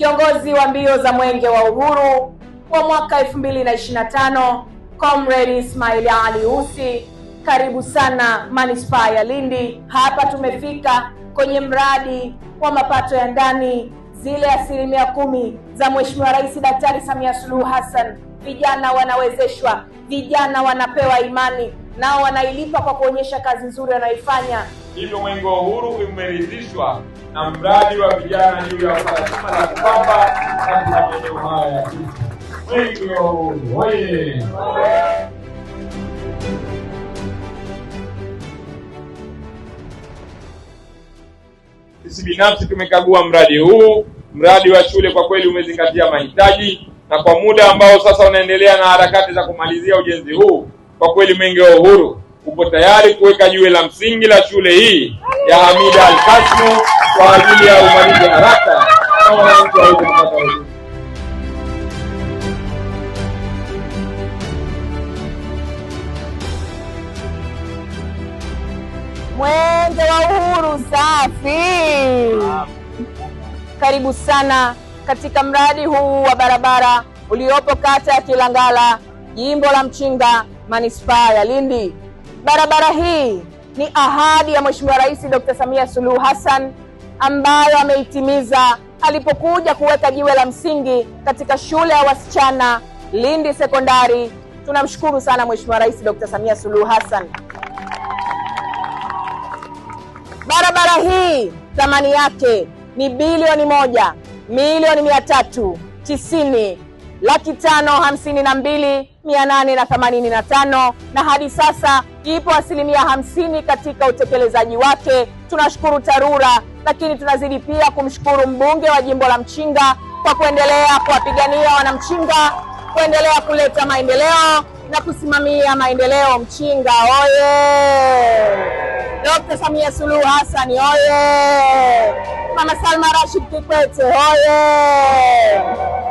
Kiongozi wa mbio za Mwenge wa Uhuru wa mwaka 2025 Comrade Ismail Ali Usi, karibu sana manispaa ya Lindi. Hapa tumefika kwenye mradi wa mapato ya ndani, zile asilimia kumi za Mheshimiwa Rais Daktari Samia Suluhu Hassan. Vijana wanawezeshwa, vijana wanapewa imani nao wanailipa kwa kuonyesha kazi nzuri wanayoifanya Hivyo Mwenge wa Uhuru umeridhishwa na mradi wa vijana juu ya swala la kupamba katika maeneo haya. Mwenge wa Uhuru oye! Sisi binafsi tumekagua mradi huu. Mradi wa shule kwa kweli umezingatia mahitaji, na kwa muda ambao sasa unaendelea na harakati za kumalizia ujenzi huu kwa kweli Mwenge wa Uhuru upo tayari kuweka jiwe la msingi la shule hii ya Hamida Alkasmo kwa ajili ya umalizi haraka na wananchi waweze kupata Mwenge wa Uhuru safi! Karibu sana katika mradi huu wa barabara uliopo kata ya Kilangala, jimbo la Mchinga manispaa ya Lindi. Barabara hii ni ahadi ya Mheshimiwa Rais Dr. Samia Suluhu Hassan ambayo ameitimiza alipokuja kuweka jiwe la msingi katika shule ya wasichana Lindi Sekondari. Tunamshukuru sana Mheshimiwa Rais Dr. Samia Suluhu Hassan. Barabara hii thamani yake ni bilioni moja milioni mia tatu tisini laki tano hamsini na mbili mia nane na themanini na tano na hadi sasa ipo asilimia hamsini katika utekelezaji wake. Tunashukuru TARURA, lakini tunazidi pia kumshukuru mbunge wa jimbo la Mchinga kwa kuendelea kuwapigania wanamchinga, kuendelea kuleta maendeleo na kusimamia maendeleo. Mchinga oye! Dr. Samia Suluhu Hassan oye! Mama Salma Rashid Kikwete oye!